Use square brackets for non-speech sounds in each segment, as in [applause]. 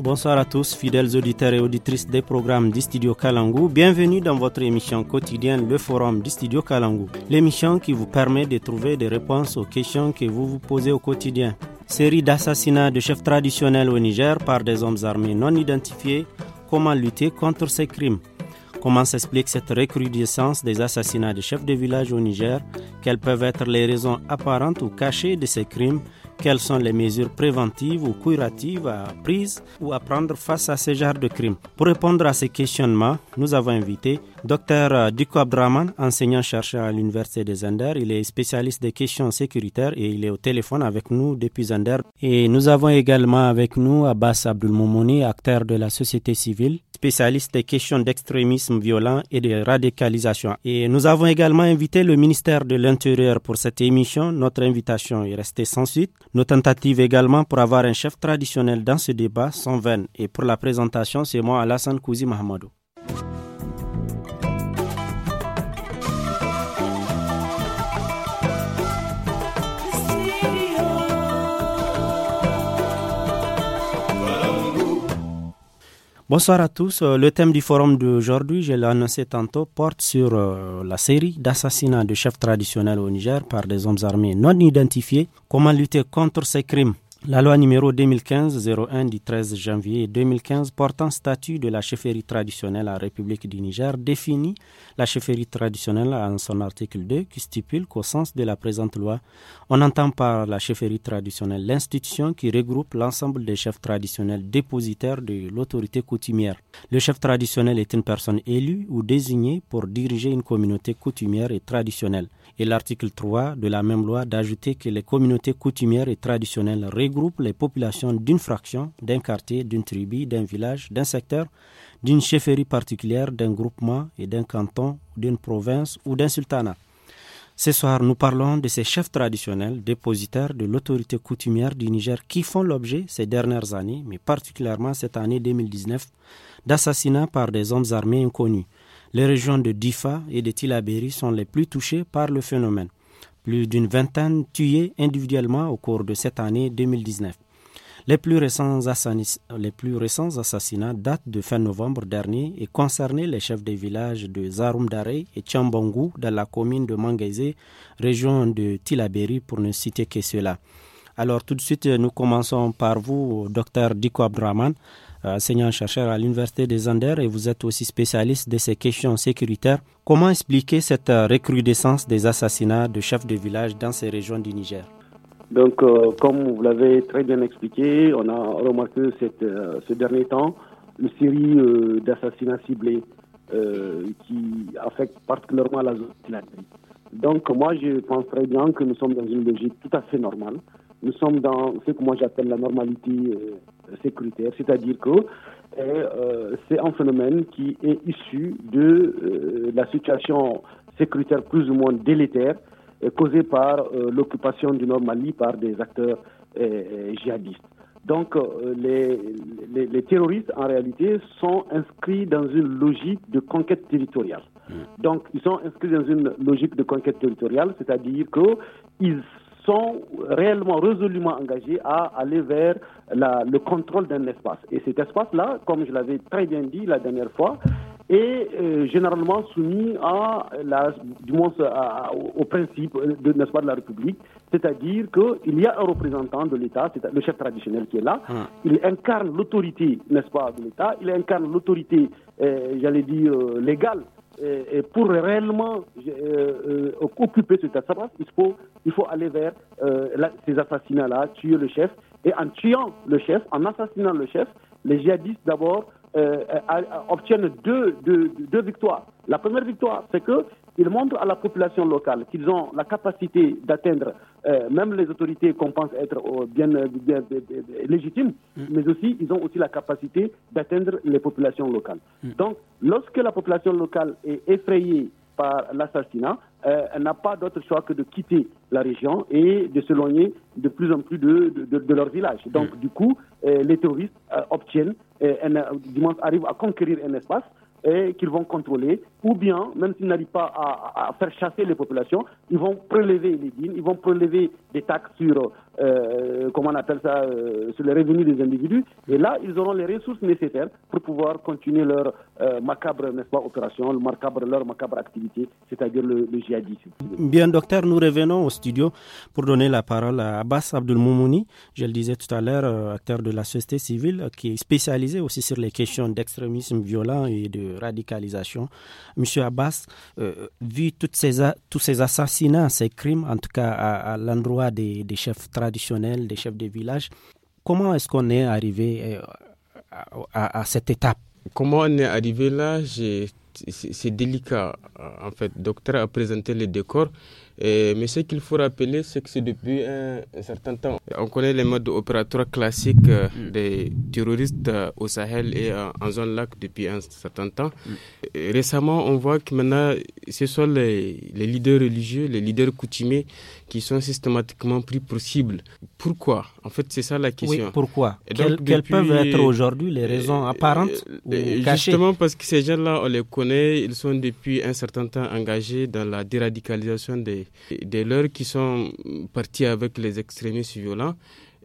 Bonsoir à tous, fidèles auditeurs et auditrices des programmes du Studio Kalangu. Bienvenue dans votre émission quotidienne Le Forum du Studio Kalangu. L'émission qui vous permet de trouver des réponses aux questions que vous vous posez au quotidien. Série d'assassinats de chefs traditionnels au Niger par des hommes armés non identifiés. Comment lutter contre ces crimes Comment s'explique cette recrudescence des assassinats de chefs de village au Niger Quelles peuvent être les raisons apparentes ou cachées de ces crimes quelles sont les mesures préventives ou curatives à prises ou à prendre face à ce genre de crimes Pour répondre à ces questionnements, nous avons invité Dr euh, Diko Abdraman, enseignant-chercheur à l'Université de Anders. Il est spécialiste des questions sécuritaires et il est au téléphone avec nous depuis Zander. Et nous avons également avec nous Abbas Abdulmoumouni, acteur de la société civile, spécialiste des questions d'extrémisme violent et de radicalisation. Et nous avons également invité le ministère de l'Intérieur pour cette émission. Notre invitation est restée sans suite. Nos tentatives également pour avoir un chef traditionnel dans ce débat sont vaines et pour la présentation, c'est moi Alassane Kouzi Mahamadou. Bonsoir à tous. Euh, le thème du forum d'aujourd'hui, je l'ai annoncé tantôt, porte sur euh, la série d'assassinats de chefs traditionnels au Niger par des hommes armés non identifiés. Comment lutter contre ces crimes la loi numéro 2015-01 du 13 janvier 2015 portant statut de la chefferie traditionnelle à la République du Niger définit la chefferie traditionnelle en son article 2 qui stipule qu'au sens de la présente loi, on entend par la chefferie traditionnelle l'institution qui regroupe l'ensemble des chefs traditionnels dépositaires de l'autorité coutumière. Le chef traditionnel est une personne élue ou désignée pour diriger une communauté coutumière et traditionnelle et l'article 3 de la même loi d'ajouter que les communautés coutumières et traditionnelles regroupent les populations d'une fraction, d'un quartier, d'une tribu, d'un village, d'un secteur, d'une chefferie particulière, d'un groupement et d'un canton, d'une province ou d'un sultanat. Ce soir, nous parlons de ces chefs traditionnels, dépositaires de l'autorité coutumière du Niger qui font l'objet ces dernières années, mais particulièrement cette année 2019, d'assassinats par des hommes armés inconnus. Les régions de Difa et de Tilaberi sont les plus touchées par le phénomène. Plus d'une vingtaine tuées individuellement au cours de cette année 2019. Les plus, récents assassinats datent de fin novembre dernier et concernaient les chefs des villages de Zarumdare et Tchambongu dans la commune de Mangaise, région de Tilaberi pour ne citer que cela. Alors tout de suite, nous commençons par vous, docteur Diko Abdraman. Euh, enseignant-chercheur à l'Université des Anders et vous êtes aussi spécialiste de ces questions sécuritaires. Comment expliquer cette euh, recrudescence des assassinats de chefs de village dans ces régions du Niger Donc, euh, comme vous l'avez très bien expliqué, on a remarqué cette, ce dernier temps une série d'assassinats ciblés qui affectent particulièrement la zone Donc, moi, je pense très bien que nous sommes dans une logique tout à fait normale nous sommes dans ce que moi j'appelle la normalité euh, sécuritaire, c'est-à-dire que euh, euh, c'est un phénomène qui est issu de la situation sécuritaire plus ou moins délétère causée par l'occupation du Nord Mali par des acteurs djihadistes. Donc les, les, terroristes, en réalité, sont inscrits dans une logique de conquête territoriale. Mmh. Donc ils sont inscrits dans une logique de conquête territoriale, c'est-à-dire qu'ils sont réellement résolument engagés à aller vers le contrôle d'un espace. Et cet espace-là, comme je l'avais très bien dit la dernière fois, est euh, généralement soumis au principe de, de la République, c'est-à-dire qu'il y a un représentant de l'État, le chef traditionnel qui est là, ah. il incarne l'autorité, n'est-ce pas, de l'État, il incarne l'autorité, euh, j'allais dire, euh, légale et pour réellement euh, euh, occuper ce espace, il faut, il faut aller vers euh, ces assassinats-là, tuer le chef. Et en tuant le chef, en assassinant le chef, les djihadistes d'abord obtiennent deux victoires. La première victoire, c'est que ils montrent à la population locale qu'ils ont la capacité d'atteindre euh, même les autorités qu'on pense être euh, bien, euh, légitimes, mm. mais aussi ils ont aussi la capacité d'atteindre les populations locales. Mm. Donc, lorsque la population locale est effrayée par l'assassinat, elle n'a pas d'autre choix que de quitter la région et de s'éloigner de plus en plus de, leur village. Donc, mm. du coup, les terroristes obtiennent, arrivent à conquérir un espace et qu'ils vont contrôler, ou bien, même s'ils n'arrivent pas à, faire chasser les populations, ils vont prélever les dînes, ils vont prélever des taxes sur, euh, comment on appelle ça, euh, sur les revenus des individus, et là, ils auront les ressources nécessaires pour pouvoir continuer leur euh, macabre, n'est-ce pas, opération, leur macabre activité, c'est-à-dire le, le djihadisme. Bien, docteur, nous revenons au studio pour donner la parole à Abbas Abdelmoumouni, je le disais tout à l'heure, acteur de la société civile, qui est spécialisé aussi sur les questions d'extrémisme violent et de radicalisation. Monsieur Abbas, euh, vu toutes ces, tous ces assassinats, ces crimes, en tout cas à, l'endroit des, chefs traditionnels, des chefs de village, comment est-ce qu'on est arrivé euh, à, cette étape Comment on est arrivé là C'est délicat. En fait, docteur a présenté les décors mais ce qu'il faut rappeler, c'est que c'est depuis un, certain temps. On connaît les modes opératoires classiques euh, mm. des terroristes euh, au Sahel et euh, en zone lac depuis un certain temps. Mm. Récemment, on voit que maintenant, ce sont les, les leaders religieux, les leaders coutumiers qui sont systématiquement pris pour cible. Pourquoi En fait, c'est ça la question. Oui, pourquoi Quelles peuvent être aujourd'hui les raisons euh, apparentes euh, ou euh, cachées Justement parce que ces gens-là, on les connaît, ils sont depuis un certain temps engagés dans la déradicalisation des, des leurs qui sont partis avec les extrémistes violents.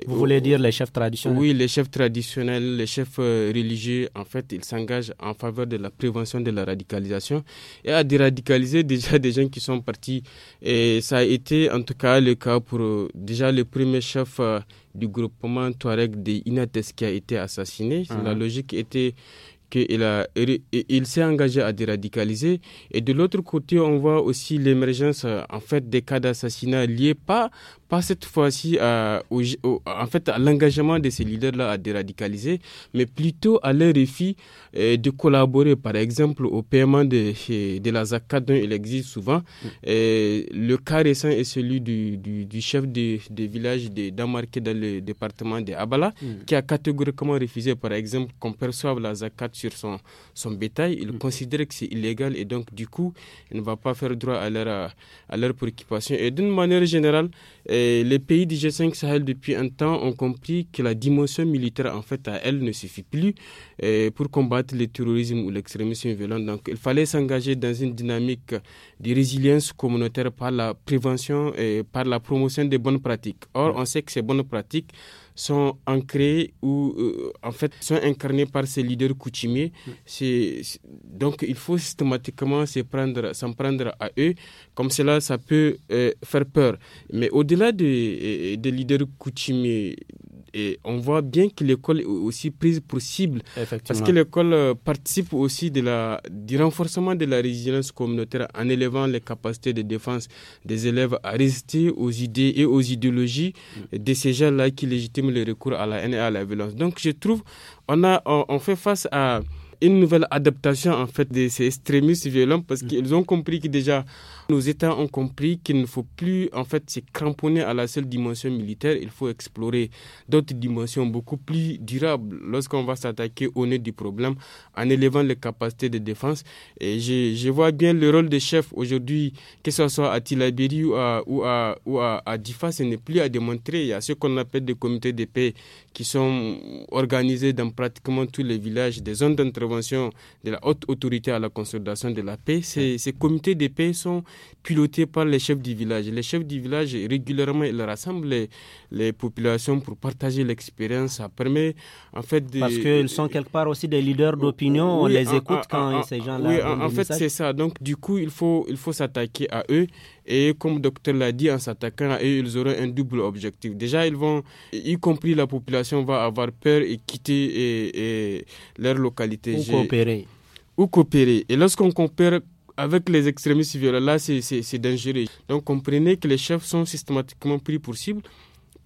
Vous voulez dire les chefs traditionnels Oui, les chefs traditionnels, les chefs euh, religieux, en fait, ils s'engagent en faveur de la prévention de la radicalisation et à déradicaliser [laughs] déjà des gens qui sont partis. Et ça a été en tout cas le cas pour euh, déjà le premier chef euh, du groupement Touareg des Inates qui a été assassiné. Ah. La logique était qu'il a, il s'est engagé à déradicaliser. Et de l'autre côté, on voit aussi l'émergence en fait des cas d'assassinat liés pas pas cette fois-ci à, euh, en fait, à l'engagement de ces leaders-là à déradicaliser, mais plutôt à leur effet euh, de collaborer, par exemple, au paiement de, de la zakat dont il existe souvent. Mm. Et euh, le cas récent est celui du, du, chef de, de village de dans le département de Abala, mm. qui a catégoriquement refusé, par exemple, qu'on perçoive la zakat sur son, son bétail. Il mm. considère que c'est illégal et donc, du coup, il ne va pas faire droit à leur, à leur préoccupation. Et d'une manière générale, les pays du G5 Sahel depuis un temps ont compris que la dimension militaire en fait à elle ne suffit plus pour combattre le terrorisme ou l'extrémisme violent. Donc il fallait s'engager dans une dynamique de résilience communautaire par la prévention et par la promotion des bonnes pratiques. Or on sait que ces bonnes pratiques sont ancrés ou euh, en fait sont incarnés par ces leaders coutumiers. Mm. donc il faut systématiquement s'en prendre, prendre à eux. Comme cela, ça peut euh, faire peur. Mais au-delà des, euh, des leaders coutumiers, et on voit bien que l'école est aussi prise pour cible. Parce que l'école euh, participe aussi de la, du renforcement de la résilience communautaire en élevant les capacités de défense des élèves à résister aux idées et aux idéologies mm. de ces gens-là qui légitiment le recours à la haine et à la violence. Donc je trouve, on, a, on fait face à une nouvelle adaptation en fait de ces extrémistes violents parce mm. qu'ils ont compris que déjà nos États ont compris qu'il ne faut plus en fait se cramponner à la seule dimension militaire, il faut explorer d'autres dimensions beaucoup plus durables lorsqu'on va s'attaquer au nœud du problème en élevant les capacités de défense. Et je, vois bien le rôle des chefs aujourd'hui, que ce soit à Tilabiri ou à, ou Difa, ce n'est plus à démontrer. Il y a ce qu'on appelle des comités de paix qui sont organisés dans pratiquement tous les villages, des zones d'entre de la haute autorité à la consolidation de la paix, ces, comités de paix sont pilotés par les chefs du village. Les chefs du village, régulièrement, ils rassemblent les, populations pour partager l'expérience. Ça permet, en fait... De, Parce qu'ils sont quelque part aussi des leaders d'opinion, on les écoute quand ces gens-là... Oui, en, en fait, c'est ça. Donc, du coup, il faut, il faut s'attaquer à eux et comme le docteur l'a dit, en s'attaquant à eux, ils auront un double objectif. Déjà, ils vont, y compris la population, va avoir peur et quitter leur localité. Ou coopérer. Ou coopérer. Et lorsqu'on coopère avec les extrémistes violents, là, c'est dangereux. Donc, comprenez que les chefs sont systématiquement pris pour cible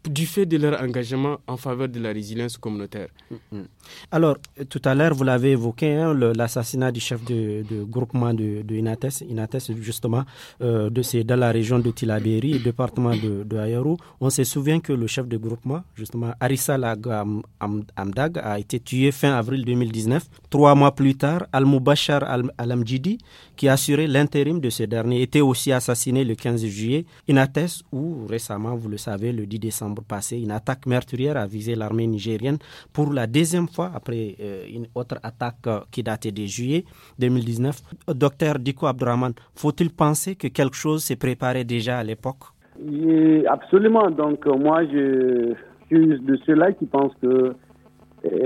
du fait de leur engagement en faveur de la résilience communautaire. Mm, mm. Alors, tout à l'heure, vous l'avez évoqué, hein, l'assassinat du chef de, groupement de, Inates, Inates justement, euh, dans la région de Tilaberi, département de, de On se souvient que le chef de groupement, justement, Arissa Lagamdag, Amdag, a été tué fin avril 2019. Trois mois plus tard, al Alamjidi, Al-Amjidi, qui assurait l'intérim de ce dernier, était aussi assassiné le 15 juillet. Inates, ou récemment, vous le savez, le 10 décembre passé, une attaque meurtrière a visé l'armée nigérienne pour la deuxième fois après euh, une autre attaque euh, qui datait de juillet 2019. Docteur Diko Abdraman, faut-il penser que quelque chose s'est préparé déjà à l'époque Absolument. Donc euh, moi, je suis de ceux-là qui pensent que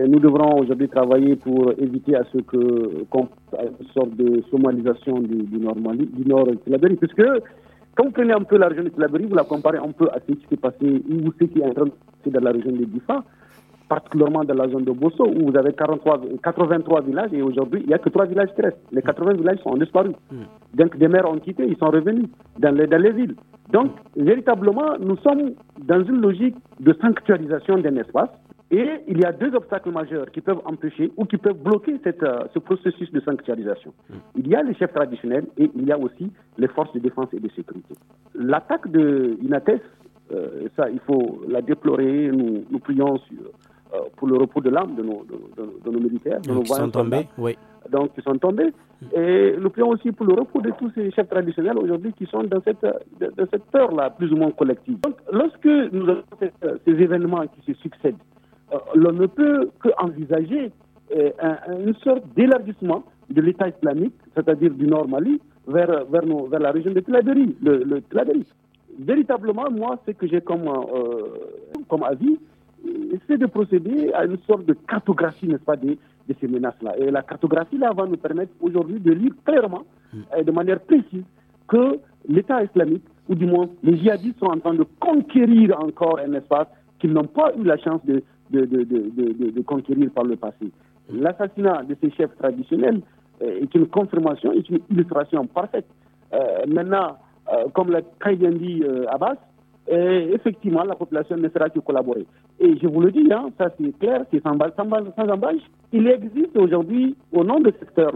nous devrons aujourd'hui travailler pour éviter à ce que qu'on sorte de somalisation du, du, nord, du nord de la puisque quand vous prenez un peu la région de vous la comparez un peu à ce qui s'est passé ou ce qui est en train de se passer dans la région de Bifa, particulièrement dans la zone de Bosso, où vous avez 83 villages et aujourd'hui, il n'y a que 3 villages qui restent. Les 80 villages sont disparus. Hmm. Donc, des maires ont quitté, ils sont revenus dans les, dans les villes. Donc, véritablement, nous sommes dans une logique de sanctualisation d'un espace et il y a deux obstacles majeurs qui peuvent empêcher ou qui peuvent bloquer cette, euh, ce processus de sanctuarisation. Hmm. Il y a les chefs traditionnels et il y a aussi les forces de défense et de sécurité. L'attaque de Inates, euh, ça, il faut la déplorer. Nous, nous prions sur, euh, pour le repos de l'âme de nos, de, nos militaires, hmm, qui sont tombés. Oui. Donc, qui sont tombés. Hmm. Et nous prions aussi pour le repos de tous ces chefs traditionnels aujourd'hui qui sont dans cette, peur-là, plus ou moins collective. Donc, lorsque nous avons ces événements qui se succèdent, euh, on ne peut qu'envisager euh, une sorte d'élargissement de l'État islamique, c'est-à-dire du Nord Mali, vers, vers, la région de Tladeri, le, Véritablement, moi, ce que j'ai comme, euh, avis, c'est de procéder à une sorte de cartographie, n'est-ce pas, de, de ces menaces-là. Et la cartographie-là va nous permettre aujourd'hui de lire clairement, hmm. et de manière précise, que l'État islamique, ou du moins les djihadistes, sont en train de conquérir encore un espace qu'ils n'ont pas eu la chance de, de, de, conquérir par le passé. L'assassinat de ces chefs traditionnels est une confirmation, est une illustration parfaite. Euh, maintenant, euh, comme l'a très dit euh, Abbas, euh, effectivement, la population ne sera que collaborer. Et je vous le dis, hein, ça c'est clair, c'est sans, embâche. Il existe aujourd'hui, au nom de secteurs,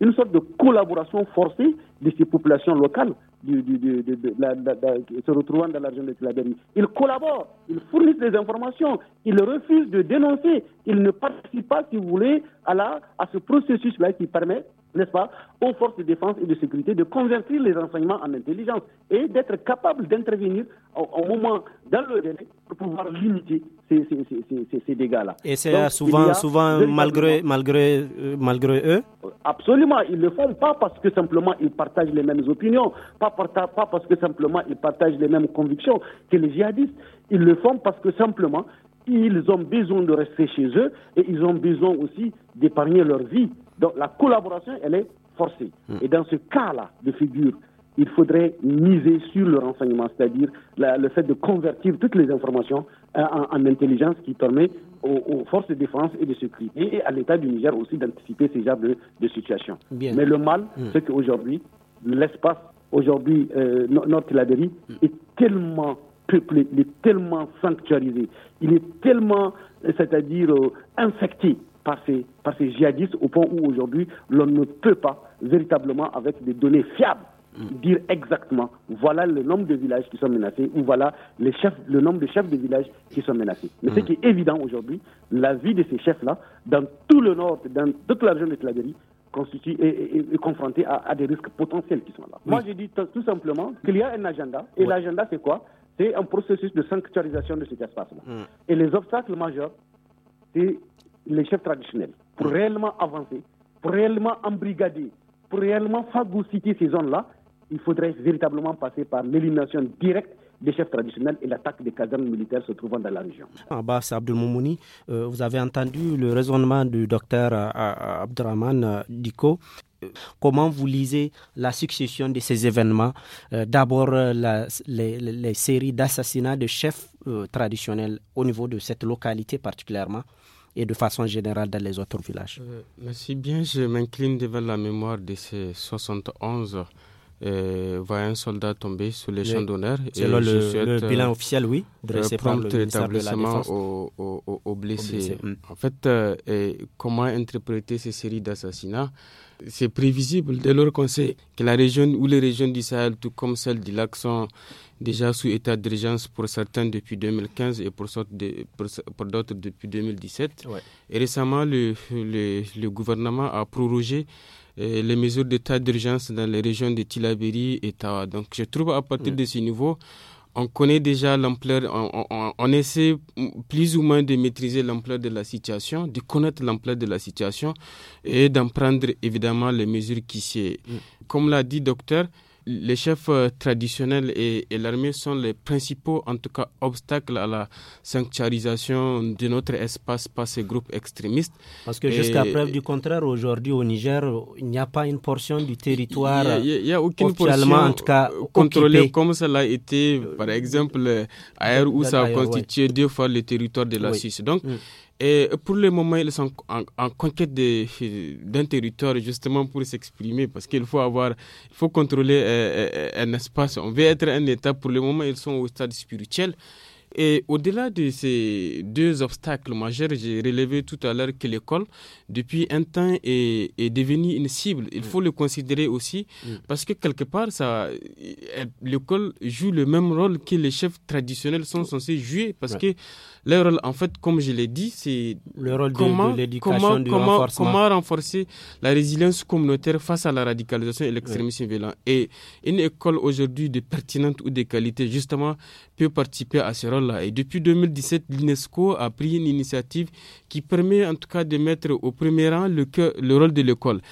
une sorte de collaboration forcée de ces populations locales du, du, de, se retrouvant dans la région de Ils collaborent, ils fournissent des informations, ils refusent de dénoncer, ils ne participent pas, si vous voulez, à, la, à ce processus-là qui permet n'est-ce pas, aux forces de défense et de sécurité de convertir les renseignements en intelligence et d'être capable d'intervenir au, moment, dans le délai, pour pouvoir limiter ces, dégâts-là. Et c'est souvent, souvent malgré, malgré, euh, malgré eux Absolument, ils le font pas parce que simplement ils partagent les mêmes opinions, pas, pas parce que simplement ils partagent les mêmes convictions que les djihadistes. Ils le font parce que simplement ils ont besoin de rester chez eux et ils ont besoin aussi d'épargner leur vie. Donc la collaboration, elle est forcée. Et dans ce cas-là de figure, il faudrait miser sur le renseignement, c'est-à-dire le fait de convertir toutes les informations euh, en, intelligence qui permet aux, forces de défense et de sécurité et à l'État du Niger aussi d'anticiper ces genres de, situation. situations. Mais le mal, hmm. c'est qu'aujourd'hui, l'espace, aujourd'hui, euh, notre laverie hmm. est tellement peuplé, il est tellement sanctuarisé, il est tellement, euh, c'est-à-dire, infecté par ces, par djihadistes au point où aujourd'hui l'on ne peut pas véritablement avec des données fiables dire exactement voilà le nombre de villages qui sont menacés ou voilà les chefs, le nombre de chefs de villages qui sont menacés. Mais ce mm. qui est évident aujourd'hui, la vie de ces chefs-là, dans tout le nord, dans toute la région de Tlabéry, constitue et, est confrontée à, des risques potentiels qui sont là. Moi, je dis tout simplement qu'il y a un agenda. Et l'agenda, c'est quoi C'est un processus de sanctuarisation de cet espace-là. Mm. Et les obstacles majeurs, c'est les chefs traditionnels, pour réellement avancer, pour réellement embrigader, pour réellement phagocyter ces zones-là, il faudrait véritablement passer par l'élimination directe des chefs traditionnels et l'attaque des casernes militaires se trouvant dans la région. Abbas Abdelmoumouni, euh, vous avez entendu le raisonnement du docteur euh, euh, Abdraman Diko. Comment vous lisez la succession de ces événements D'abord, les, séries d'assassinats de chefs traditionnels au niveau de cette localité particulièrement et de façon générale dans les autres villages. Euh, merci bien, je m'incline devant la mémoire de ces 71 euh, voyant un soldat sur les champs d'honneur. Selon le, bilan euh, officiel, oui, dressé par le aux, aux, aux, blessés. En fait, euh, comment interpréter ces séries d'assassinats C'est prévisible dès lors qu'on sait que la région ou les régions du Sahel, tout comme celle du lac, sont déjà sous état d'urgence pour certains depuis 2015 et pour, pour d'autres depuis 2017. Et récemment, le, gouvernement a prorogé euh, les mesures d'état d'urgence dans les régions de Tilaberi et Tawa. Donc je trouve à partir mm. de ce niveau, on connaît déjà l'ampleur, on, essaie plus ou moins de maîtriser l'ampleur de la situation, de connaître l'ampleur de la situation et d'en prendre évidemment les mesures qui s'y... Mm. Comme l'a dit docteur, les chefs euh, traditionnels et, l'armée sont les principaux, en tout cas, obstacles à la sanctuarisation de notre espace par ces groupes extrémistes. Parce que jusqu'à preuve du contraire, aujourd'hui au Niger, il n'y a pas une portion du territoire il a, aucune en tout cas, contrôlée comme cela a été, par euh, exemple, à Air où ça a constitué deux fois le territoire de la Suisse. Donc, mm. Et pour le moment, ils sont en, conquête d'un territoire justement pour s'exprimer parce qu'il faut avoir, il faut contrôler euh, euh, un espace. On veut être un État. Pour le moment, ils sont au stade spirituel. Et au-delà de ces deux obstacles majeurs, j'ai relevé tout à l'heure que l'école, depuis un temps, est, devenue une cible. Il faut le considérer aussi, mm. parce que quelque part, ça, l'école joue le même rôle que les chefs traditionnels sont censés jouer, parce que leur rôle, en fait, comme je l'ai dit, c'est le rôle comment, de, comment, renforcer la résilience communautaire face à la radicalisation et l'extrémisme violent. Et une école aujourd'hui de pertinente ou de qualité, justement, peut participer à ce rôle-là. Et depuis 2017, l'UNESCO a pris une initiative qui permet en tout cas de mettre au premier rang le, rôle de l'école.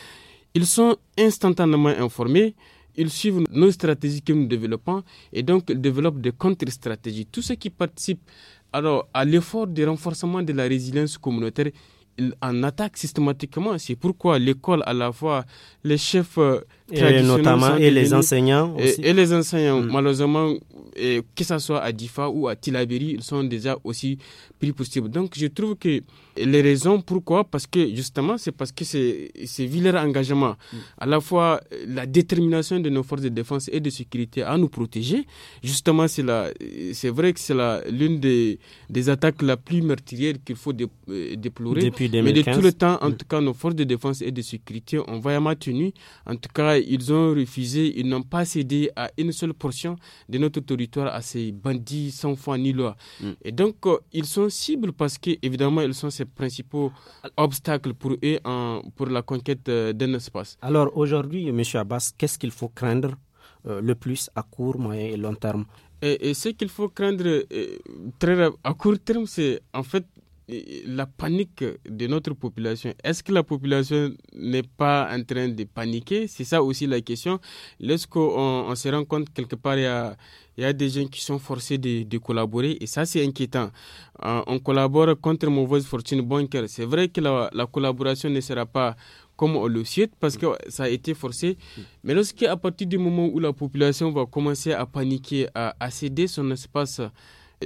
Ils sont instantanément informés ils suivent nos stratégies que nous développons et donc ils développent des contre-stratégies. Tous ceux qui participent alors, à l'effort de renforcement de la résilience communautaire, en attaque systématiquement. C'est pourquoi l'école, à la fois les chefs euh, traditionnels, et notamment et les enseignants Et, les enseignants, malheureusement, et, que ce soit à Difa ou à Tilaberi, ils sont déjà aussi pris possible Donc, je trouve que les raisons pourquoi, parce que justement, c'est parce que c'est vilain engagement, mm. à la fois la détermination de nos forces de défense et de sécurité à nous protéger. Justement, c'est c'est vrai que c'est l'une des, des attaques la plus meurtrière qu'il faut euh, déplorer. Depuis mais de tout le temps, en tout cas, nos forces de défense et de sécurité ont vraiment tenu. En tout cas, ils ont refusé, ils n'ont pas cédé à une seule portion de notre territoire à ces bandits sans foi ni loi. Hmm. Et donc, euh, ils sont cibles parce qu'évidemment, ils sont ces principaux obstacles pour eux pour la conquête euh, d'un espace. Alors, aujourd'hui, M. Abbas, qu'est-ce qu'il faut craindre euh, le plus à court, moyen et long terme et, ce qu'il faut craindre très à court terme, c'est en fait la panique de notre population. Est-ce que la population n'est pas en train de paniquer C'est ça aussi la question. Lorsqu'on on se rend compte quelque part, il y a, a des gens qui sont forcés de, collaborer et ça, c'est inquiétant. Euh, on collabore contre mauvaise fortune bancaire. C'est vrai que la, collaboration ne sera pas comme on le souhaite parce que ça a été forcé. Mais à partir du moment où la population va commencer à paniquer, à céder son espace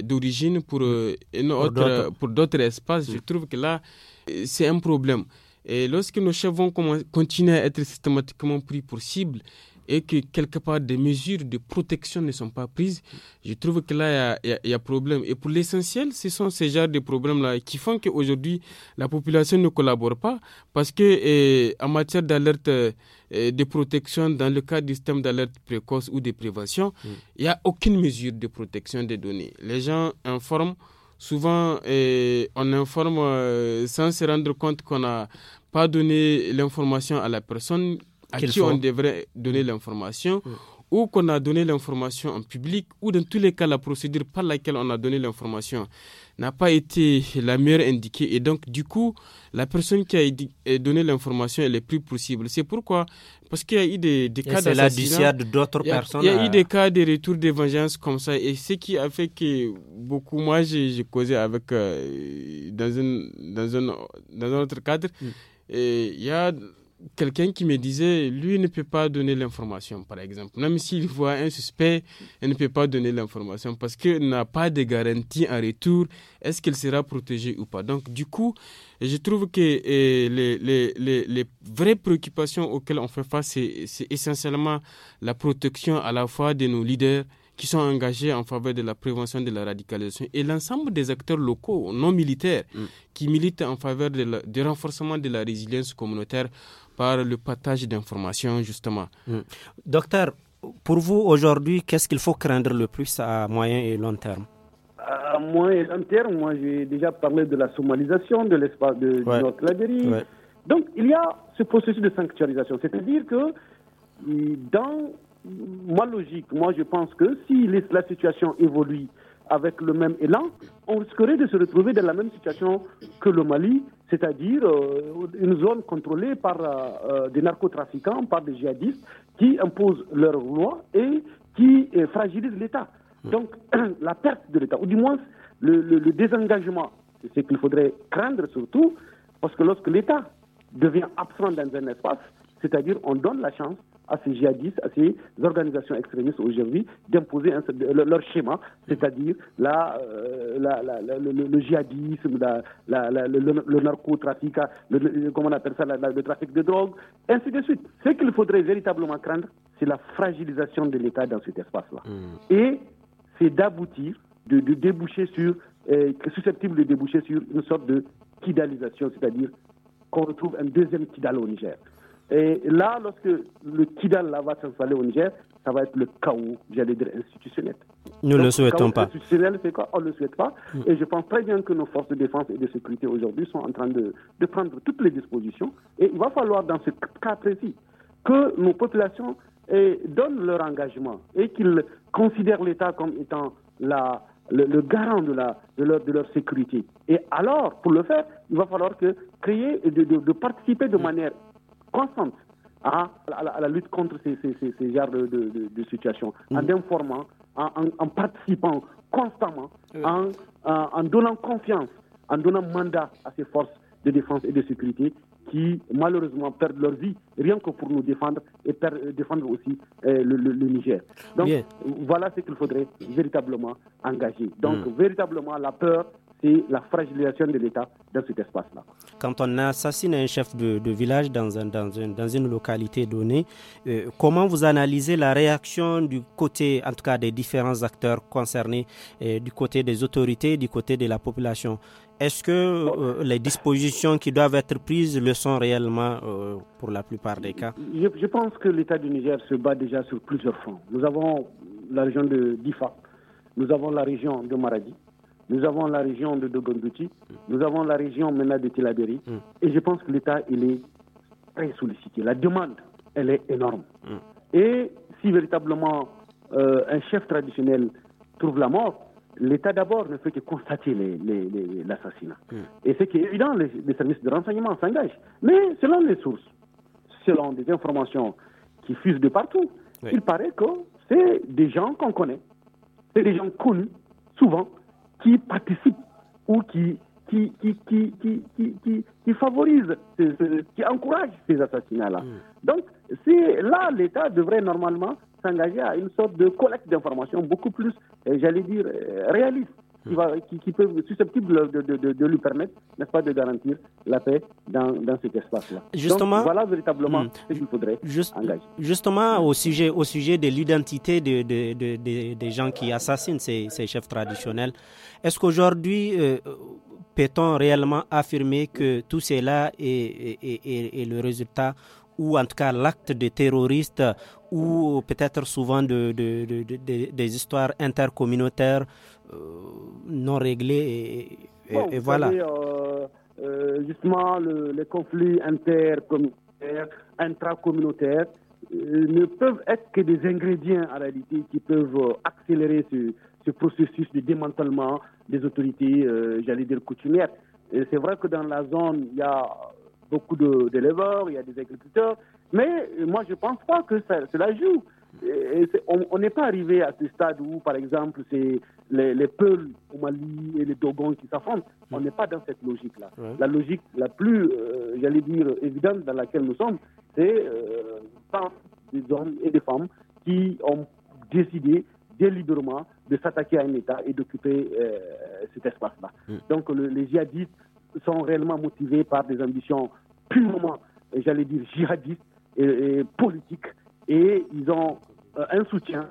d'origine pour, euh, une autre, pour d'autres espaces, je mm. trouve que là, euh, c'est un problème. Et lorsque nos chefs vont continuer à être systématiquement pris pour cible, et que quelque part des mesures de protection ne sont pas prises, je trouve que là, il y, a problème. Et pour l'essentiel, ce sont ces genres de problèmes-là qui font qu'aujourd'hui, la population ne collabore pas parce que eh, en matière d'alerte eh, de protection, dans le cadre du système d'alerte précoce ou de prévention, mm. il y n'y a aucune mesure de protection des données. Les gens informent. Souvent, eh, on informe euh, sans se rendre compte qu'on n'a pas donné l'information à la personne à qui on devrait donner mm. l'information mm. ou qu'on a donné l'information en public ou dans tous les cas la procédure par laquelle on a donné l'information n'a pas été la meilleure indiquée et donc du coup la personne qui a euh, donné l'information est est plus possible. C'est pourquoi parce qu'il y a eu des, des cas d'assassinat d'autres personnes. Il y a eu des cas de retour de vengeance comme ça et ce qui a fait que beaucoup moi j'ai causé avec euh, dans, dans un dans un autre cadre mm. il y a quelqu'un qui me disait, lui ne peut pas donner l'information, par exemple. Même s'il voit un suspect, il ne peut pas donner l'information parce qu'il n'a pas de garantie en retour. Est-ce qu'il sera protégé ou pas Donc, du coup, je trouve que eh, les, les, les, les, vraies préoccupations auxquelles on fait face, c'est essentiellement la protection à la fois de nos leaders qui sont engagés en faveur de la prévention de la radicalisation et l'ensemble des acteurs locaux non militaires mm. qui militent en faveur de du renforcement de la résilience communautaire par le partage d'informations, justement. Mm. Docteur, pour vous, aujourd'hui, qu'est-ce qu'il faut craindre le plus à moyen et long terme À moyen et long terme, moi, j'ai déjà parlé de la somalisation de l'espace de, ouais. Donc, il y a ce processus de sanctuarisation, c'est-à-dire que dans moi, logique, moi, je pense que si la situation évolue avec le même élan, on risquerait de se retrouver dans la même situation que le Mali, c'est-à-dire euh, une zone contrôlée par euh, euh, des narcotrafiquants, par des djihadistes qui imposent leurs lois et qui fragilisent l'État. Donc [clears throat] la perte de l'État, ou du moins le, le désengagement, c'est ce qu'il faudrait craindre surtout, parce que lorsque l'État devient absent dans un espace, c'est-à-dire on donne la chance à ces djihadistes, à ces organisations extrémistes aujourd'hui d'imposer leur schéma, c'est-à-dire la, euh, le, djihadisme, le, narcotrafic, hein, le, comment appelle ça, le trafic de drogue, ainsi de suite. Ce qu'il faudrait véritablement craindre, c'est la fragilisation de l'État dans cet espace-là. Hmm. Et c'est d'aboutir, de, déboucher sur, euh, susceptible de déboucher sur une sorte de kidalisation, c'est-à-dire qu'on retrouve un deuxième kidal au Niger. Et là, lorsque le Kidal va s'installer au Niger, ça va être le chaos, j'allais dire, institutionnel. Nous ne le souhaitons pas. Institutionnel, c'est quoi On ne le souhaite pas. Mm. Et je pense très bien que nos forces de défense et de sécurité aujourd'hui sont en train de, de prendre toutes les dispositions. Et il va falloir, dans ce cas précis, que nos populations eh, donnent leur engagement et qu'ils considèrent l'État comme étant la, le, garant de, la, de, leur, de leur sécurité. Et alors, pour le faire, il va falloir que créer, et de, de participer de mm. manière constante hein, à, à, la, lutte contre ces, genres de, de, situations, mm. en informant, en, participant constamment, hein, en, donnant confiance, en donnant mandat à ces forces de défense et de sécurité qui malheureusement perdent leur vie rien que pour nous défendre et euh, défendre aussi euh, le, Niger. Donc voilà ce qu'il faudrait véritablement engager. Donc mm. véritablement la peur, c'est la fragilisation de l'État dans cet espace-là. Quand on assassine un chef de, village dans, un, dans, une localité donnée, euh, comment vous analysez la réaction du côté, en tout cas des différents acteurs concernés, euh, du côté des autorités, du côté de la population Est-ce que euh, les dispositions qui doivent être prises le sont réellement pour la plupart des cas je, je pense que l'État du Niger se bat déjà sur plusieurs fronts. Nous avons la région de Difa, nous avons la région de Maradi, nous avons la région de Dogondouti, nous avons la région maintenant de Tilaberi. Mm. Et je pense que l'État, il est très sollicité. La demande, elle est énorme. Mm. Et si véritablement euh, un chef traditionnel trouve la mort, l'État d'abord ne fait que constater l'assassinat. Les, les, les, mm. est Et c'est évident, les, services de renseignement s'engagent. Mais selon les sources, selon des informations qui fusent de partout, il paraît que c'est des gens qu'on connaît, c'est des gens connus, souvent, qui participent ou qui, qui, qui, qui, qui, qui, qui favorisent, qui encouragent ces assassinats-là. Hmm. Donc, c'est là, l'État devrait normalement s'engager à une sorte de collecte d'informations beaucoup plus, euh, j'allais dire, euh, réaliste qui, qui, peut, susceptible de, lui permettre, n'est-ce pas, de garantir la paix dans, dans cet espace-là. Justement, voilà véritablement hmm, ce qu'il faudrait engager. Justement, au sujet, au sujet de l'identité des gens qui assassinent ces, chefs traditionnels, est-ce qu'aujourd'hui, euh, peut-on réellement affirmer que tout cela est, le résultat ou en tout cas l'acte de terroristes ou peut-être souvent de, des histoires intercommunautaires non réglées et, voilà. Euh, euh, justement, les conflits intercommunautaires, intracommunautaires, euh, ne peuvent être que des ingrédients en réalité qui peuvent accélérer ce, processus de démantèlement des autorités, j'allais dire, coutumières. c'est vrai que dans la zone, il y a beaucoup d'éleveurs, il y a des agriculteurs, mais moi je ne pense pas que cela joue on n'est pas arrivé à ce stade où, par exemple, c'est les, les Peuls au Mali et les Dogons qui s'affrontent. On mm. n'est pas dans cette logique-là. La logique la plus, euh, j'allais dire, évidente dans laquelle nous sommes, c'est euh, tant des hommes et des femmes qui ont décidé délibérément de s'attaquer à un État et d'occuper euh, cet espace-là. Mm. Donc les djihadistes sont réellement motivés par des ambitions purement, j'allais dire, djihadistes et politiques et ils ont euh, un soutien.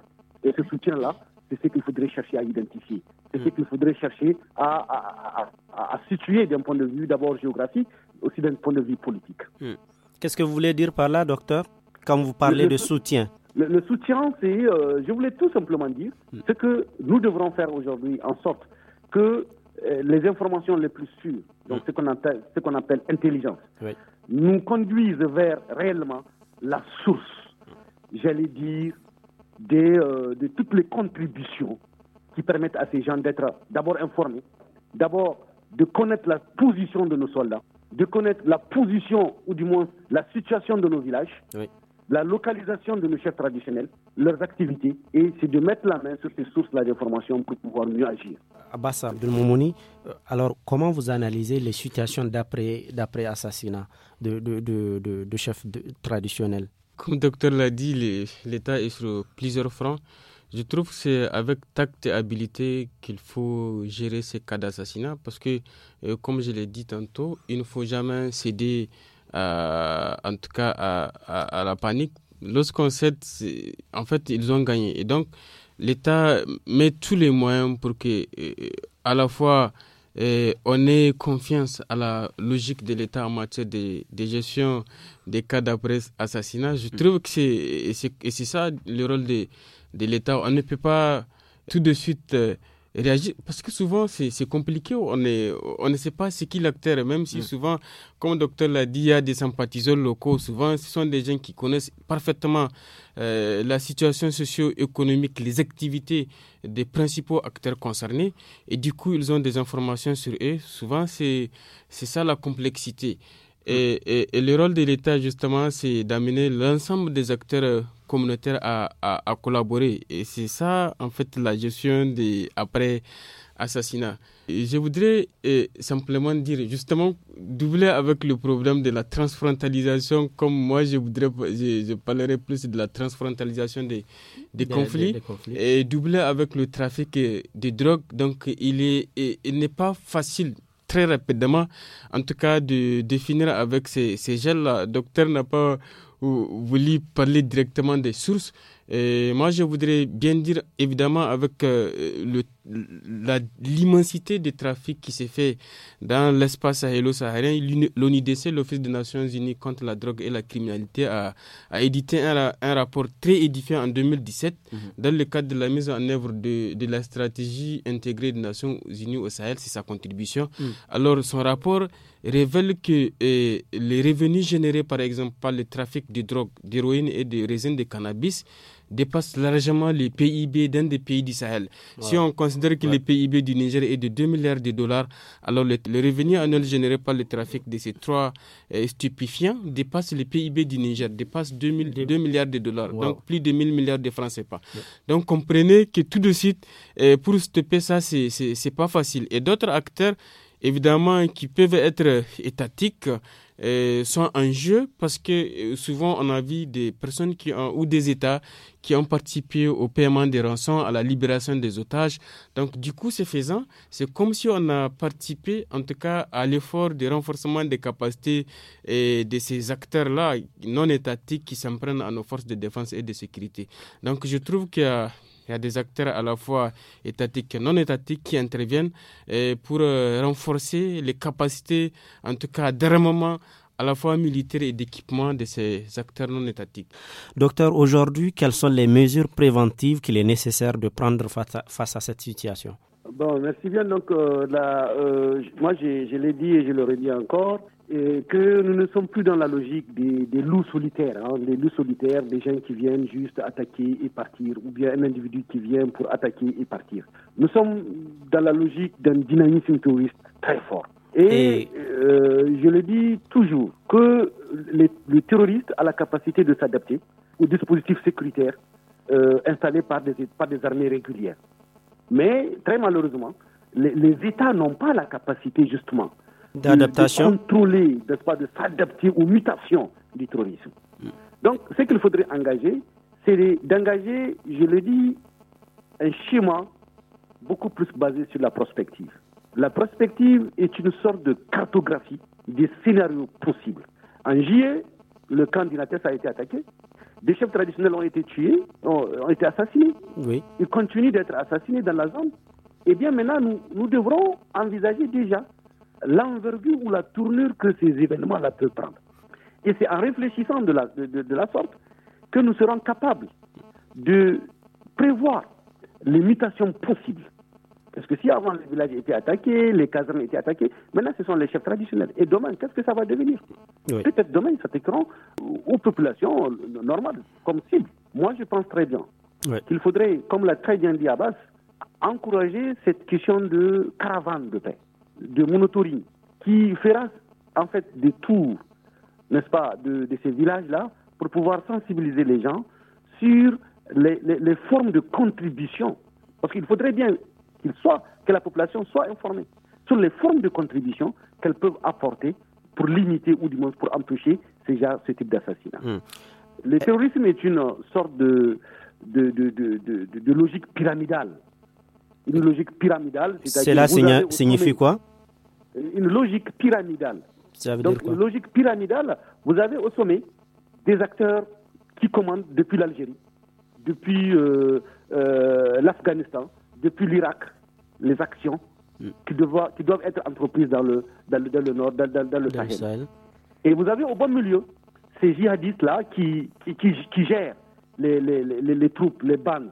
Et ce soutien-là, c'est ce qu'il faudrait chercher à identifier. C'est ce hmm. qu'il faudrait chercher à, situer d'un point de vue d'abord géographique, aussi d'un point de vue politique. Hmm. Qu'est-ce que vous voulez dire par là, docteur, quand vous parlez de soutien le, soutien, c'est, euh, je voulais tout simplement dire, hmm. ce que nous devrons faire aujourd'hui en sorte que euh, les informations les plus sûres, donc ce qu'on appelle, ce qu'on appelle intelligence, nous conduisent vers réellement la source j'allais dire, euh, de toutes les contributions qui permettent à ces gens d'être d'abord informés, d'abord de connaître la position de nos soldats, de connaître la position ou du moins la situation de nos villages, la localisation de nos chefs traditionnels, leurs activités, et c'est de mettre la main sur ces sources-là d'information pour pouvoir mieux agir. Abbas Abdelmoumouni, euh, alors comment vous analysez les situations d'après assassinat de chefs traditionnels comme le docteur l'a dit, l'État est sur plusieurs fronts. Je trouve que c'est avec tact et habilité qu'il faut gérer ces cas d'assassinat parce que, euh, comme je l'ai dit tantôt, il ne faut jamais céder, à, en tout cas, à, la panique. Lorsqu'on cède, en fait, ils ont gagné. Et donc, l'État met tous les moyens pour que, euh, à la fois, on ait confiance à la logique de l'État en matière de, gestion des cas d'après-assassinat. Je trouve que c'est ça le rôle de, de l'État. On ne peut pas tout de suite euh, parce que souvent, c'est compliqué. On, ne sait pas c'est qui l'acteur. Même si mm. souvent, comme le docteur l'a dit, il y a des sympathisants locaux. Souvent, ce sont des gens qui connaissent parfaitement euh, la situation socio-économique, les activités des principaux acteurs concernés. Et du coup, ils ont des informations sur eux. Souvent, c'est ça la complexité. Et, le rôle de l'État, justement, c'est d'amener l'ensemble des acteurs euh, communautaires à, à, collaborer. Et c'est ça, en fait, la gestion des après assassinat. Et je voudrais euh, simplement dire, justement, doubler avec le problème de la transfrontalisation, comme moi, je voudrais, je, parlerai plus de la transfrontalisation des, des, conflits, et doubler avec le trafic euh, de drogue. Donc, il est, il n'est pas facile très rapidement, en tout cas de définir avec ces, gels-là. Docteur n'a pas voulu parler directement des sources, moi, je voudrais bien dire, évidemment, avec euh, l'immensité des trafics qui s'est fait dans l'espace sahélo-saharien, l'ONIDC, l'Office des Nations Unies contre la drogue et la criminalité, a, édité un, rapport très édifiant en 2017 mhm. dans le cadre de la mise en œuvre de, la stratégie intégrée des Nations Unies au Sahel. C'est sa contribution. Mhm. Alors, son rapport révèle que euh, les revenus générés, par exemple, par le trafic de drogue, d'héroïne et de résine de cannabis, dépasse largement le PIB d'un des pays du Sahel. Si on considère que le PIB du Niger est de 2 milliards de dollars, alors le, revenu annuel généré par le trafic de ces trois euh, stupéfiants dépasse le PIB du Niger, dépasse 2, milliards de dollars, donc plus de 1000 milliards de francs CFA. Donc comprenez que tout de suite, euh, pour stopper ça, c'est pas facile. Et d'autres acteurs, évidemment, qui peuvent être euh, étatiques, euh, sont en jeu parce que euh, souvent on a vu des personnes qui ont, ou des États qui ont participé au paiement des rançons, à la libération des otages. Donc du coup, ce faisant, c'est comme si on a participé en tout cas à l'effort de renforcement des capacités et euh, de ces acteurs-là non étatiques qui s'en prennent à nos forces de défense et de sécurité. Donc je trouve que... Il y a des acteurs à la fois étatiques et non étatiques qui interviennent pour euh, renforcer les capacités, en tout cas d'armement à la fois militaire et d'équipement de ces acteurs non étatiques. Docteur, aujourd'hui, quelles sont les mesures préventives qu'il est nécessaire de prendre face à, cette situation merci bien. Donc, euh, euh, moi, je l'ai dit et je le redis encore. Euh, que nous ne sommes plus dans la logique des, loups solitaires, hein, loups solitaires, des gens qui viennent juste attaquer et partir, ou bien un individu qui vient pour attaquer et partir. Nous sommes dans la logique d'un dynamisme touriste très fort. Et, euh, je le dis toujours, que les, le terroriste a la capacité de s'adapter aux dispositifs sécuritaires euh, installés par des, des armées régulières. Mais très malheureusement, les, les États n'ont pas la capacité justement d'adaptation. De contrôler, nest pas, de s'adapter aux mutations du terrorisme. Hmm. Donc, ce qu'il faudrait engager, c'est d'engager, je le dis, un schéma beaucoup plus basé sur la prospective. La prospective est une sorte de cartographie des scénarios possibles. En juillet, le camp d'Inatès a été attaqué. Des chefs traditionnels ont été tués, ont, été assassinés. Oui. Ils continuent d'être assassinés dans la zone. Eh bien, maintenant, nous, nous devrons envisager déjà l'envergure ou la tournure que ces événements-là peuvent prendre. Et c'est en réfléchissant de la, sorte que nous serons capables de prévoir les mutations possibles. Parce que si avant les villages étaient attaqués, les casernes étaient attaquées, maintenant ce sont les chefs traditionnels. Et demain, qu'est-ce que ça va devenir Peut-être demain, ils s'attaqueront aux populations normales, comme cible. Moi, je pense très bien qu'il faudrait, comme l'a très bien dit Abbas, encourager cette question de caravane de paix de monotorie qui fera en fait des tours, n'est-ce pas, de, ces villages-là pour pouvoir sensibiliser les gens sur les, formes de contribution. Parce qu'il faudrait bien qu'il soit, que la population soit informée sur les formes de contribution qu'elles peuvent apporter pour limiter ou du moins pour empêcher déjà ce type d'assassinat. Hmm. Le terrorisme est une sorte de, de, de, de, logique pyramidale. Une logique pyramidale. Cela signifie quoi une logique pyramidale. Donc, une logique pyramidale, vous avez au sommet des acteurs qui commandent depuis l'Algérie, depuis euh, euh, l'Afghanistan, depuis l'Irak, les actions hmm. qui, qui doivent être entreprises dans le, le, nord, dans, le Sahel. Et vous avez au bon milieu ces djihadistes-là qui qui, qui, gèrent les, troupes, les bandes,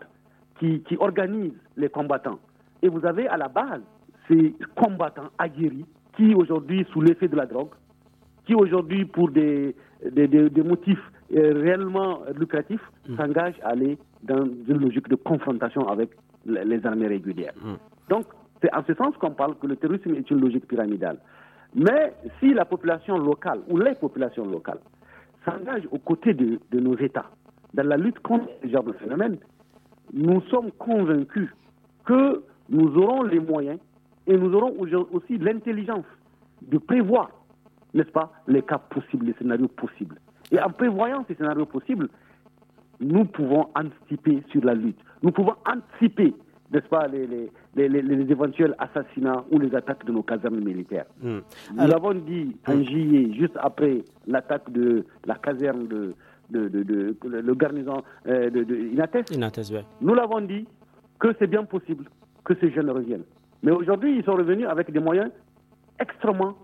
qui, qui organisent les combattants. Et vous avez à la base des combattants aguerris qui aujourd'hui, sous l'effet de la drogue, qui aujourd'hui, pour des, des, des, motifs euh, réellement lucratifs, mmh. s'engagent à aller dans une logique de confrontation avec les armées régulières. Mmh. Donc, c'est en ce sens qu'on parle que le terrorisme est une logique pyramidale. Mais si la population locale ou les populations locales s'engagent aux côtés de, de, nos États dans la lutte contre ce genre de phénomène, nous sommes convaincus que nous aurons les moyens et nous aurons aussi l'intelligence de prévoir, n'est-ce pas, les cas possibles, les scénarios possibles. Et en prévoyant ces scénarios possibles, nous pouvons anticiper sur la lutte. Nous pouvons anticiper, n'est-ce pas, les, éventuels assassinats ou les attaques de nos casernes militaires. Hmm. Nous l'avons dit en hmm. juillet, juste après l'attaque de la caserne de, le garnison euh, de, Inates. Nous l'avons dit que c'est bien possible que ces jeunes reviennent. Mais aujourd'hui, ils sont revenus avec des moyens extrêmement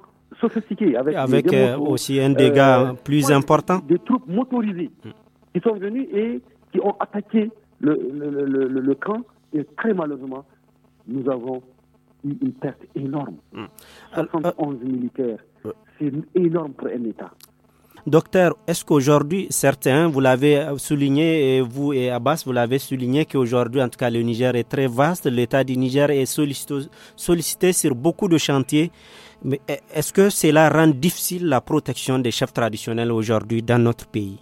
sophistiqués. Avec, euh, aussi un dégât euh, plus important. Des troupes motorisées qui sont venues et qui ont attaqué le, camp. Et très malheureusement, nous avons eu une perte énorme. 71 hmm. militaires, euh, c'est énorme pour un État. Docteur, est-ce qu'aujourd'hui, certains, vous l'avez souligné, et vous et Abbas, vous l'avez souligné qu'aujourd'hui, en tout cas, le Niger est très vaste, l'État du Niger est sollicité, sur beaucoup de chantiers. Mais e-, est-ce que cela rend difficile la protection des chefs traditionnels aujourd'hui dans notre pays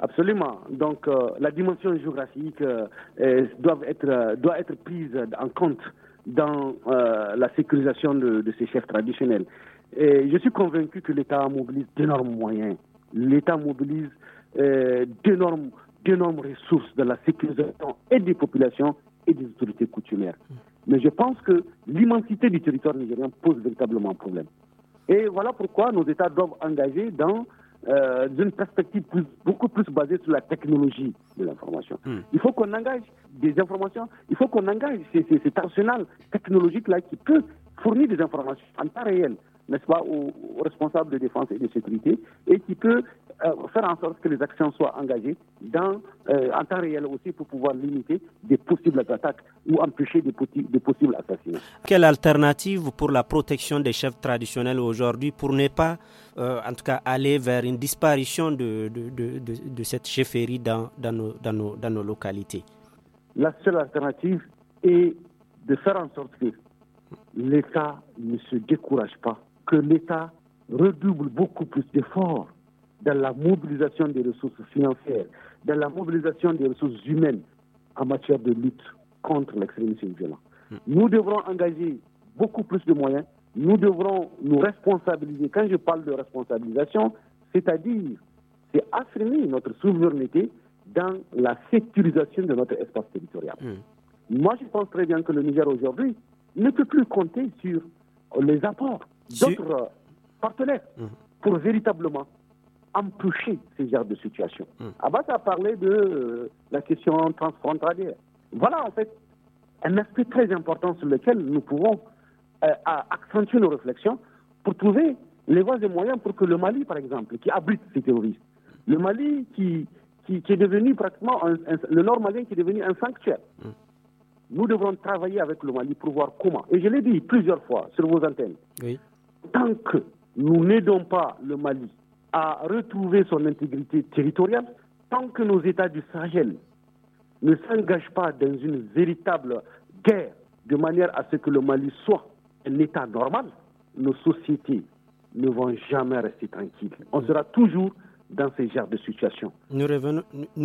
Absolument. Donc, euh, la dimension géographique euh, doit, être, euh, doit être prise en compte dans la sécurisation de, ces chefs traditionnels je suis convaincu que l'État mobilise d'énormes moyens. L'État mobilise euh, d'énormes, ressources dans la sécurisation et des populations et des autorités coutumières. Mais je pense que l'immensité du territoire nigérien pose véritablement un problème. Et voilà pourquoi nos États doivent engager dans euh, une perspective beaucoup plus basée sur la technologie de l'information. Hmm. Il faut qu'on engage des informations, il faut qu'on engage cet arsenal technologique-là qui peut fournir des informations en temps réel n'est-ce pas, aux, responsables de défense et de sécurité, et qui peut euh, faire en sorte que les actions soient engagées dans, euh, en temps réel aussi pour pouvoir limiter des possibles attaques ou empêcher des, des possibles assassinats. Quelle alternative pour la protection des chefs traditionnels aujourd'hui pour ne pas, euh, en tout cas, aller vers une disparition de, cette chefferie dans, dans, dans nos localités La seule alternative est de faire en sorte que l'État ne se décourage pas que l'État redouble beaucoup plus d'efforts dans la mobilisation des ressources financières, dans la mobilisation des ressources humaines en matière de lutte contre l'extrémisme violent. Hmm. Nous devrons engager beaucoup plus de moyens, nous devrons nous responsabiliser. Quand je parle de responsabilisation, c'est-à-dire, c'est affirmer notre souveraineté dans la sécurisation de notre espace territorial. Hmm. Moi, je pense très bien que le Niger aujourd'hui ne peut plus compter sur les apports d'autres euh, partenaires mmh. pour véritablement empêcher ces genres de situation. Mmh. Abbas a parlé de euh, la question transfrontalière. Voilà en fait un aspect très important sur lequel nous pouvons euh, accentuer nos réflexions pour trouver les voies et moyens pour que le Mali, par exemple, qui abrite ces terroristes, le Mali qui, qui, est devenu pratiquement le Nord malien qui est devenu un sanctuaire. Mmh. Nous devrons travailler avec le Mali pour voir comment. Et je l'ai dit plusieurs fois sur vos antennes tant que nous n'aidons pas le Mali à retrouver son intégrité territoriale, tant que nos États du Sahel ne s'engagent pas dans une véritable guerre de manière à ce que le Mali soit un État normal, nos sociétés ne vont jamais rester tranquilles. On sera toujours dans ce de situation. Nous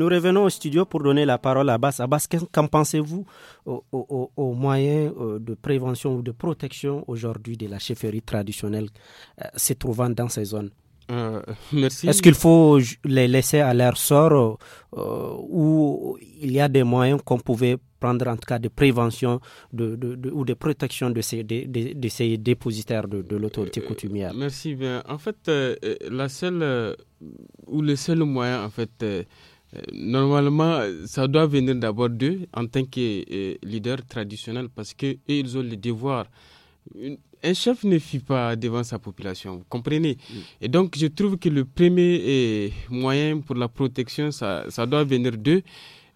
revenons, au studio pour donner la parole à Abbas. Abbas, qu'en pensez-vous aux, moyens euh, de prévention ou de protection aujourd'hui de la chefferie traditionnelle euh, se trouvant dans ces zones euh, Est-ce qu'il faut les laisser à leur sort euh, euh, ou il y a des moyens qu'on pouvait prendre en tout cas de prévention de, ou de protection de ces, dépositaires de, l'autorité coutumière Merci. En fait, la seule ou le seul moyen en fait Normalement, ça doit venir d'abord d'eux en tant que leader traditionnel parce que ils ont le devoir un chef ne fuit pas devant sa population, vous comprenez mm. Et donc, je trouve que le premier eh, moyen pour la protection, ça, ça doit venir d'eux.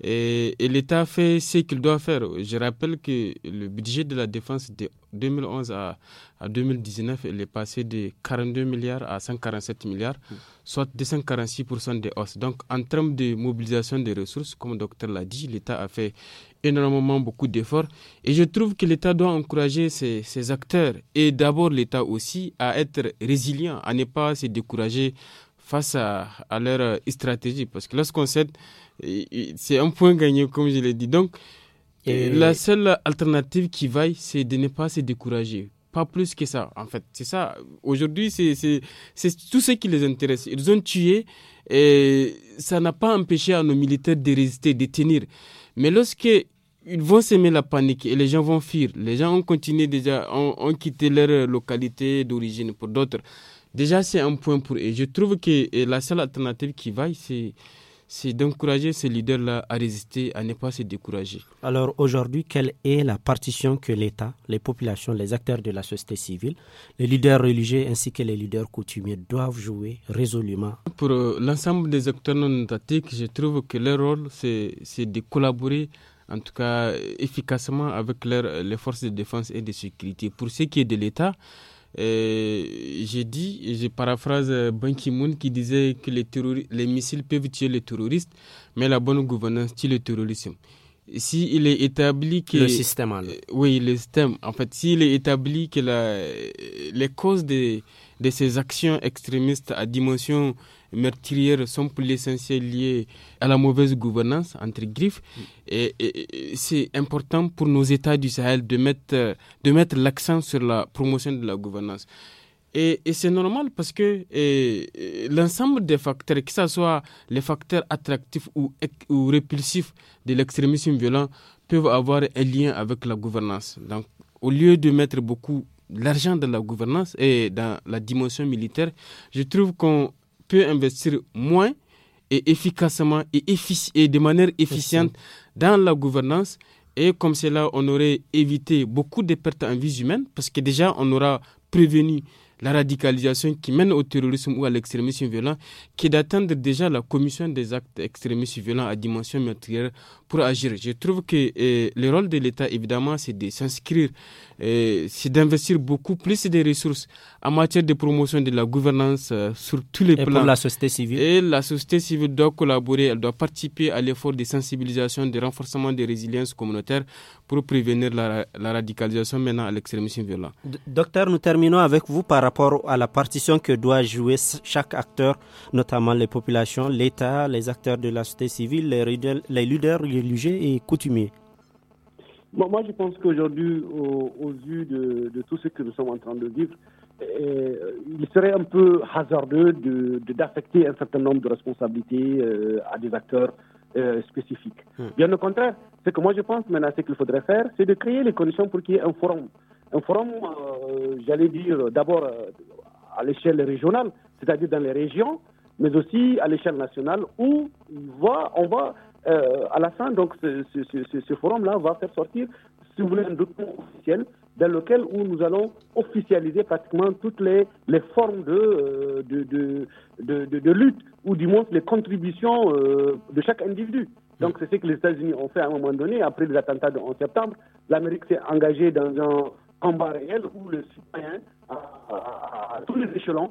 Et, l'État fait ce qu'il doit faire. Je rappelle que le budget de la défense de 2011 à, à 2019, il est passé de 42 milliards à 147 milliards, hmm. soit 246% des hausses. Donc, en termes de mobilisation des ressources, comme le docteur l'a dit, l'État a fait énormément beaucoup d'efforts. Et je trouve que l'État doit encourager ses, ses acteurs et d'abord l'État aussi à être résilient, à ne pas se décourager face à, leur euh, stratégie. Parce que lorsqu'on cède, c'est un point gagné, comme je l'ai dit. Donc, euh, la seule alternative qui vaille, c'est de ne pas se décourager. Pas plus que ça, en fait. C'est ça. Aujourd'hui, c'est tout ce qui les intéresse. Ils ont tué et ça n'a pas empêché à nos militaires de résister, de tenir. Mais lorsque ils vont s'aimer la panique et les gens vont fuir. Les gens ont continué déjà, ont quitté leur localité d'origine pour d'autres. Déjà, c'est un point pour eux. Je trouve que la seule alternative qui vaille, c'est d'encourager ces leaders-là à résister, à ne pas se décourager. Alors aujourd'hui, quelle est la partition que l'État, les populations, les acteurs de la société civile, les leaders religieux ainsi que les leaders coutumiers doivent jouer résolument Pour euh, l'ensemble des acteurs non étatiques, je trouve que leur rôle, c'est de collaborer en tout cas efficacement avec les forces de défense et de sécurité. Pour ce qui est de l'État, j'ai dit, j'ai paraphrasé paraphrase euh, Ban Ki-moon qui disait que les, les missiles peuvent tuer les terroristes, mais la bonne gouvernance tue le terrorisme si il est établi que le système euh, oui le système en fait s'il est établi que la, euh, les causes de, de ces actions extrémistes à dimension meurtrières sont pour l'essentiel liées à la mauvaise gouvernance, entre griffes. Et, c'est important pour nos États du Sahel de mettre, de mettre l'accent sur la promotion de la gouvernance. Et, c'est normal parce que l'ensemble des facteurs, que ce soit les facteurs attractifs ou, ou répulsifs de l'extrémisme violent, peuvent avoir un lien avec la gouvernance. Donc, au lieu de mettre beaucoup l'argent dans la gouvernance et dans la dimension militaire, je trouve qu'on peut investir moins et efficacement et, de manière efficiente dans la gouvernance. Et comme cela, on aurait évité beaucoup de pertes en vies humaines parce que déjà, on aura prévenu la radicalisation qui mène au terrorisme ou à l'extrémisme violent, qui est d'atteindre déjà la commission des actes extrémistes violents à dimension matérielle agir. Je trouve que euh, le rôle de l'État, évidemment, c'est de s'inscrire, et euh, c'est d'investir beaucoup plus de ressources en matière de promotion de la gouvernance euh, sur tous les Et plans. Pour la société civile. Et la société civile doit collaborer, elle doit participer à l'effort de sensibilisation, de renforcement des résiliences communautaires pour prévenir la, radicalisation maintenant à l'extrémisme violent. Docteur, nous terminons avec vous par rapport à la partition que doit jouer chaque acteur, notamment les populations, l'État, les acteurs de la société civile, les, leaders, les et coutumier Moi, je pense qu'aujourd'hui, au, yeux vu de, tout ce que nous sommes en train de vivre, eh, il serait un peu hasardeux d'affecter de, un certain nombre de responsabilités euh, à des acteurs euh, spécifiques. Hmm. Bien au contraire, ce que moi je pense maintenant, ce qu'il faudrait faire, c'est de créer les conditions pour qu'il y ait un forum. Un forum, euh, j'allais dire, d'abord à l'échelle régionale, c'est-à-dire dans les régions, mais aussi à l'échelle nationale, où on va, on va euh, à la fin, donc, ce, forum-là va faire sortir, si vous voulez, un document officiel dans lequel où nous allons officialiser pratiquement toutes les, les formes de, euh, de, lutte, ou du moins les contributions euh, de chaque individu. Donc mm. c'est ce que les États-Unis ont fait à un moment donné, après les attentats de septembre. L'Amérique s'est engagée dans un combat réel où le citoyen, à, tous les échelons,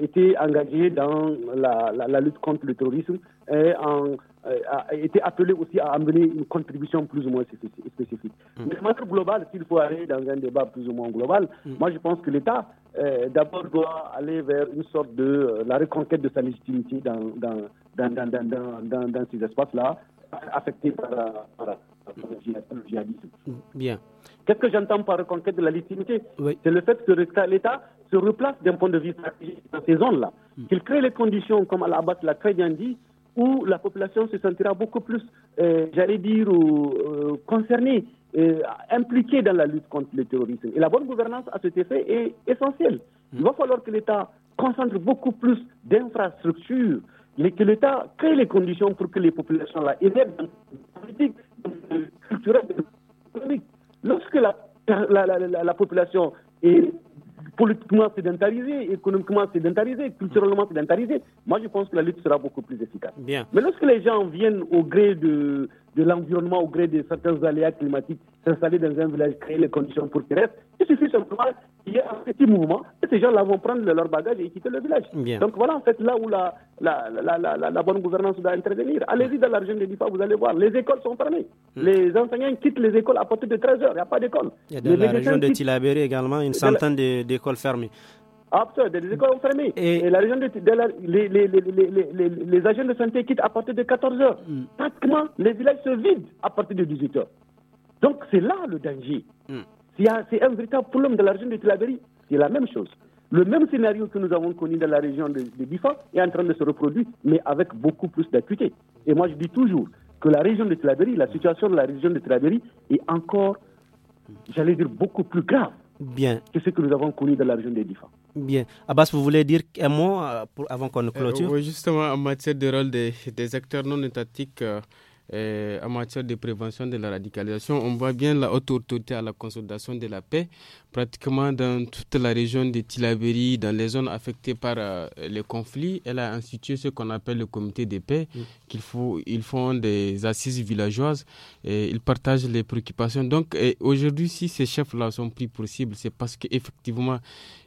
était engagé dans la, la, lutte contre le terrorisme et en euh, a été appelé aussi à amener une contribution plus ou moins spécifique. Mm. Mais de manière globale, s'il faut aller dans un débat plus ou moins global, mm. moi je pense que l'État euh, d'abord doit aller vers une sorte de euh, la reconquête de sa légitimité dans, dans, dans, dans ces espaces-là, affectés par, le djihadisme. Mm. Bien. Qu'est-ce que j'entends par reconquête de la légitimité C'est le fait que l'État se replace d'un point de vue stratégique dans ces zones-là, qu'il crée les conditions, comme Al-Abbas l'a très bien dit, où la population se sentira beaucoup plus, euh, j'allais dire, euh, euh, concernée, impliquée dans la lutte contre le terrorisme. Et la bonne gouvernance à cet effet est essentielle. Mmh. Il va falloir que l'État concentre beaucoup plus d'infrastructures, mais que l'État crée les conditions pour que les populations là élèvent dans la politique, culturelle, économique. Lorsque la, la population est politiquement sédentarisé, économiquement sédentarisé, culturellement sédentarisé, moi je pense que la lutte sera beaucoup plus efficace. Bien. Mais lorsque les gens viennent au gré de, de l'environnement au gré de certains aléas climatiques, s'installer dans un village, créer les conditions pour qu'il reste. Il suffit simplement qu'il y ait un petit mouvement et ces gens-là vont prendre leur bagage et quitter le village. Donc voilà en fait là où la, bonne gouvernance doit intervenir. Allez-y dans la région de l'IPA, vous allez voir, les écoles sont fermées. Hmm. Les enseignants quittent les écoles à partir de 13h, il n'y a pas d'école. dans la région de Tilabéré également une centaine d'écoles fermées ça, ah, des écoles ont fermé. Et, la les, agents de santé quittent à partir de 14h. Mm. Pratiquement, les villages se vident à partir de 18h. Donc c'est là le danger. Mm. C'est un véritable problème de la région de Tilaberi. C'est la même chose. Le même scénario que nous avons connu dans la région de, de Bifa est en train de se reproduire, mais avec beaucoup plus d'acuité. Et moi, je dis toujours que la région de Tilaberi, la situation de la région de Tilaberi est encore, j'allais dire, beaucoup plus grave que ce que nous avons connu dans la région de Bifa. Bien. Abbas, vous voulez dire un mot euh, avant qu'on euh, clôture Oui, justement, en matière de rôle des, acteurs non étatiques. Euh, en matière de prévention de la radicalisation. On voit bien la haute autorité à la consolidation de la paix, pratiquement dans toute la région de Tillabéri, dans les zones affectées par les conflits. Elle a institué ce qu'on appelle le comité de paix, mm. faut, ils font des assises villageoises et ils partagent les préoccupations. Donc aujourd'hui, si ces chefs-là sont pris pour cible, c'est parce qu'effectivement,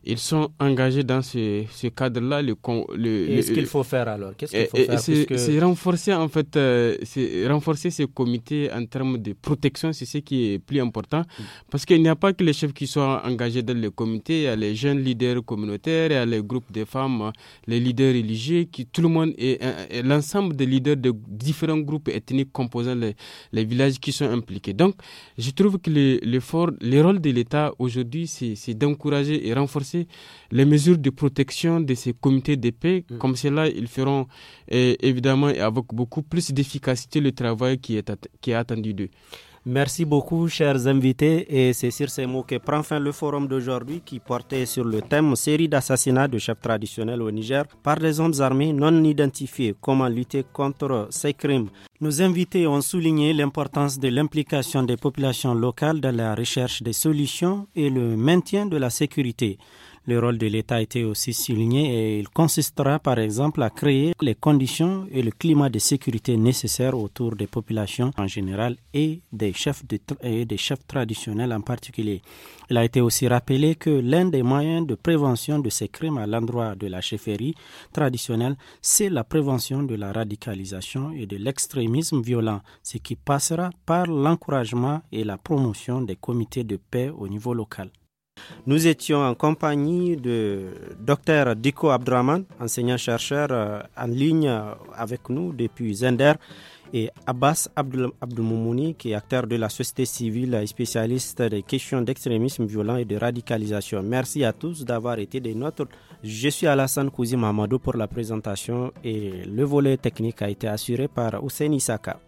ils sont engagés dans ce, ce cadre-là. Le, le, Qu'est-ce qu'il faut faire alors ce C'est renforcer en fait, euh, c'est renforcer ce comité en termes de protection, c'est ce qui est plus important, mm. parce qu'il n'y a pas que les chefs qui sont engagés dans le comité. Il y a les jeunes leaders communautaires, il y a les groupes de femmes, les leaders religieux, qui tout le monde et, l'ensemble des leaders de différents groupes ethniques composant les, les, villages qui sont impliqués. Donc, je trouve que le, le, fort, le rôle de l'État aujourd'hui, c'est d'encourager et renforcer les mesures de protection de ces comités de mm. Comme cela, ils feront eh, évidemment avec beaucoup plus d'efficacité le travail qui est, qui est attendu d'eux. Merci beaucoup, chers invités. Et c'est sur ces mots que prend fin le forum d'aujourd'hui qui portait sur le thème série d'assassinats de chefs traditionnels au Niger par des hommes armés non identifiés. Comment lutter contre ces crimes? Nos invités ont souligné l'importance de l'implication des populations locales dans la recherche des solutions et le maintien de la sécurité. Le rôle de l'État a été aussi souligné et il consistera par exemple à créer les conditions et le climat de sécurité nécessaires autour des populations en général et des chefs, et des chefs traditionnels en particulier. Il a été aussi rappelé que l'un des moyens de prévention de ces crimes à l'endroit de la chefferie traditionnelle, c'est la prévention de la radicalisation et de l'extrémisme violent, ce qui passera par l'encouragement et la promotion des comités de paix au niveau local. Nous étions en compagnie de Dr Diko Abdraman, enseignant-chercheur euh, en ligne avec nous depuis Zender, et Abbas Abdelmoumouni, qui est acteur de la société civile et spécialiste des questions d'extrémisme violent et de radicalisation. Merci à tous d'avoir été des nôtres. Je suis Alassane Kouzi Mamadou pour la présentation et le volet technique a été assuré par Hussein Isaka.